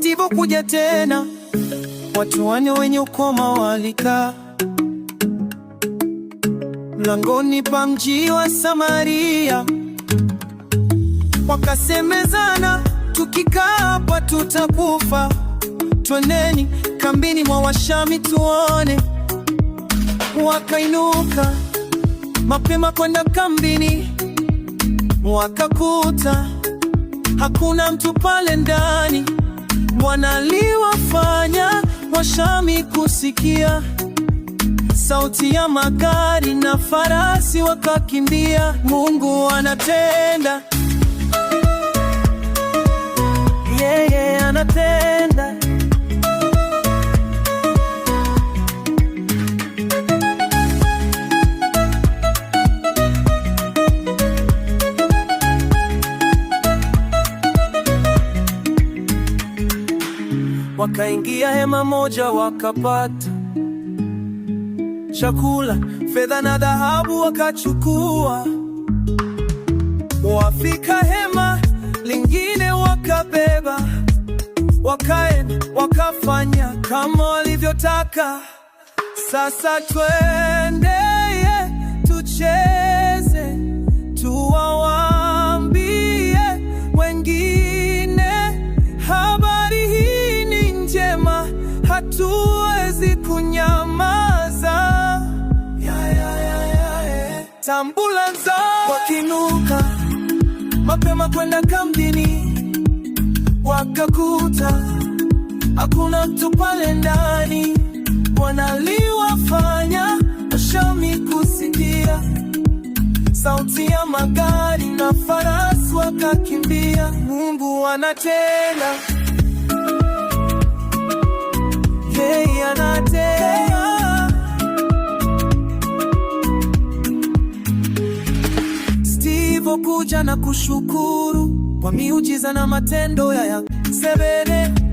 Steve kuja tena, watu wane wenye ukoma walikaa mlangoni pa mji wa Samaria, wakasemezana, tukikaa hapa tutakufa, tweneni kambini mwa Washami tuone. Wakainuka mapema kwenda kambini, wakakuta hakuna mtu pale ndani. Bwana aliwafanya Washami kusikia sauti ya magari na farasi wakakimbia. Mungu anatenda, yeye anatenda. wakaingia hema moja, wakapata chakula, fedha na dhahabu wakachukua. Wafika hema lingine, wakabeba, wakaenda wakafanya kama walivyotaka. Sasa twende, yeah, tuche hatuwezi kunyamaza yeah, yeah, yeah, yeah, yeah. Tambulanza wakinuka mapema kwenda kambini, wakakuta hakuna mtu pale ndani, wanaliwafanya washami kusikia sauti ya magari na farasi wakakimbia. Mungu anatenda kuja na kushukuru kwa miujiza na matendo ya sebene